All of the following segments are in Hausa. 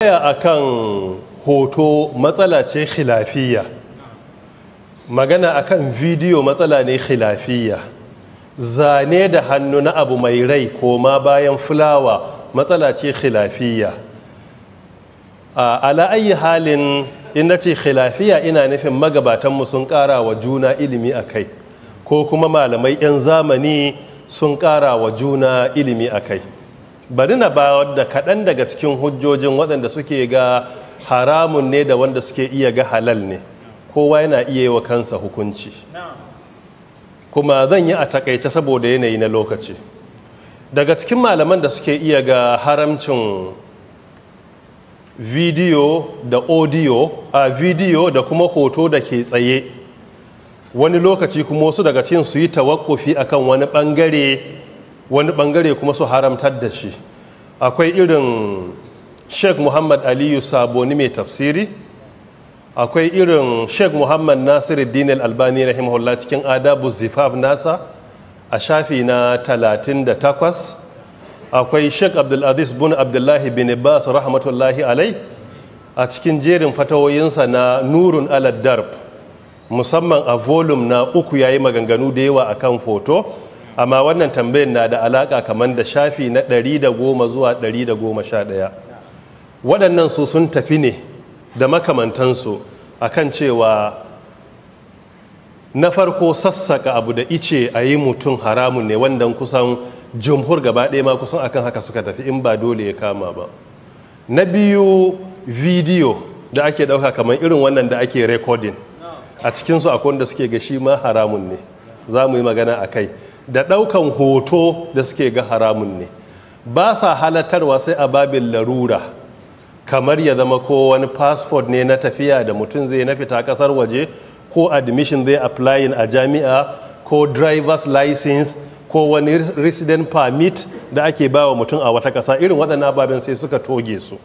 a kan hoto matsala ce khilafiya, magana a kan vidiyo matsala ne khilafiya, zane da hannu na abu mai rai ko ma bayan fulawa matsala ce khilafiya. A ala'ayi halin ina ce khilafiya ina nufin magabatanmu sun kara wa juna ilimi a kai ko kuma malamai 'yan zamani sun kara wa juna ilimi a kai bari na ba da kaɗan daga cikin hujjojin waɗanda suke ga haramun ne da wanda suke iya ga halal ne kowa yana iya yi wa kansa hukunci kuma zan yi a takaice saboda yanayi na lokaci daga cikin malaman da suke iya ga haramcin video da audio a video da kuma hoto da ke tsaye wani lokaci kuma wasu daga cikin su yi tawakkufi akan wani bangare wani bangare kuma su haramtar da shi akwai irin sheikh muhammad aliyu saboni mai tafsiri akwai irin sheikh muhammad nasiru dinil albani rahimahullah cikin adabu zifaf nasa a shafi na 38 akwai sheikh abdulaziz bin abdullahi bin bas rahmatullahi alai a cikin jerin fatawoyinsa na nurun aladdarb musamman a volume na uku yayi maganganu da yawa akan foto amma wannan tambayin na da alaka kamar da shafi na 110 zuwa 111 waɗannan su sun tafi ne da makamantansu a kan cewa na farko sassaka abu da ice a yi mutum haramun ne wanda kusan jumhur gaba ɗaya ma kusan akan haka suka tafi in ba dole ya kama ba na biyu bidiyo da ake ɗauka kamar irin wannan da ake rikodin a cikinsu akwai wanda suke ga shi ma haramun ne za mu yi magana a kai da ɗaukan hoto da suke ga haramun ne ba sa halatarwa sai a babin larura kamar ya zama ko wani passport ne na tafiya da mutum zai na fita kasar waje ko admission zai applying a jami'a ko driver's license ko wani resident permit da ake bawa mutum a wata ƙasa irin waɗannan ababen sai suka toge su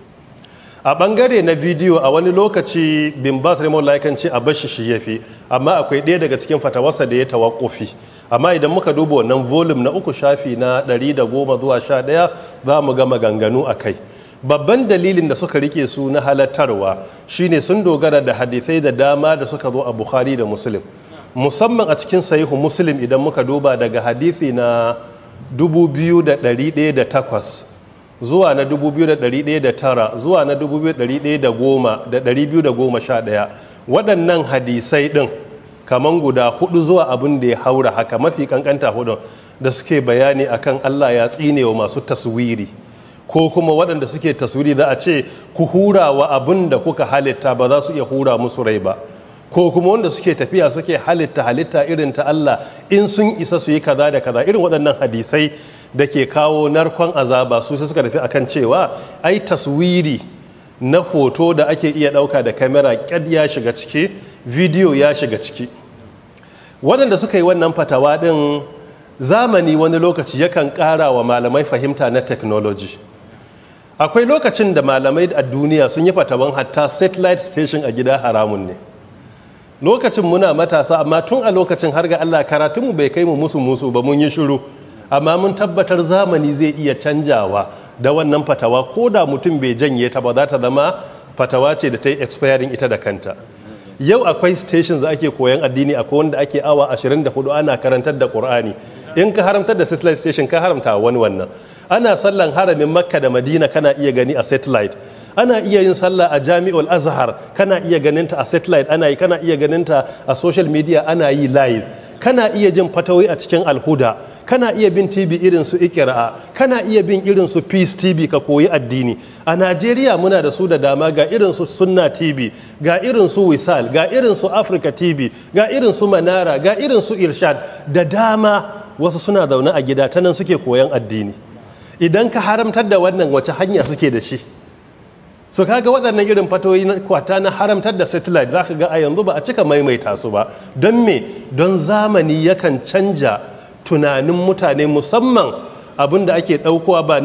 a bangare na bidiyo a wani lokaci bin bas raymond laikanci a bashi shi ya fi amma akwai ɗaya daga cikin fatawarsa da ya tawakofi amma idan muka duba wannan volum na uku shafi na 110 zuwa 11 za mu ga maganganu a kai babban dalilin da suka rike su na halattarwa shine sun dogara da hadisai da dama da suka zo a bukhari da muslim musamman a cikin sahihu muslim idan muka duba daga hadisi na 2108 zuwa na 2109 zuwa na 2110 da waɗannan hadisai ɗin kaman guda hudu zuwa abin da ya haura haka mafi kankanta hudun da suke bayani akan Allah ya tsine wa masu taswiri ko kuma waɗanda suke taswiri za a ce ku hura wa abin da kuka halitta ba za su iya hura musu rai ba ko kuma wanda suke tafiya suke halitta halitta irin ta Allah in sun isa su yi kaza da kaza irin waɗannan hadisai da ke kawo narkon azaba su suka tafi akan cewa ai taswiri na hoto da ake iya ɗauka da kamera ƙyad ya shiga ciki bidiyo ya shiga ciki waɗanda suka yi wannan fatawa ɗin zamani wani lokaci yakan ƙara wa malamai fahimta na technology akwai lokacin da malamai a duniya sun yi fatawan hatta satellite station a gida haramun ne lokacin muna matasa amma tun a lokacin har ga allah karatunmu bai kai mu musu musu ba mun yi shiru amma mun tabbatar zamani zai iya canjawa da wannan fatawa ko da mutum bai janye ta ba za ta zama fatawa ce da ta yi expiring ita da kanta yau akwai stations da ake koyan addini akwai wanda ake awa 24 ana karantar da qur'ani in ka haramtar da satellite station ka haramta wani wannan ana sallan haramin makka da madina kana iya gani a satellite ana iya yin sallah a jami'ul azhar kana iya ganinta a satellite ana yi kana iya ganinta a social media ana yi live kana iya jin fatawi a cikin alhuda kana iya bin tv irin su ikira kana iya bin irin su peace tv ka koyi addini a najeriya muna da su da dama ga irin su sunna tv ga irin su wisal ga irin su africa tv ga irin su manara ga irin su irshad da dama wasu suna zaune a gida ta nan suke koyan addini idan ka haramtar da wannan wace hanya suke da shi so kaga waɗannan irin fatoyi na kwata na haramtar da satellite za ka ga a yanzu ba a cika maimaita su ba don me don zamani yakan canja tunanin mutane musamman abin da ake ɗaukowa ba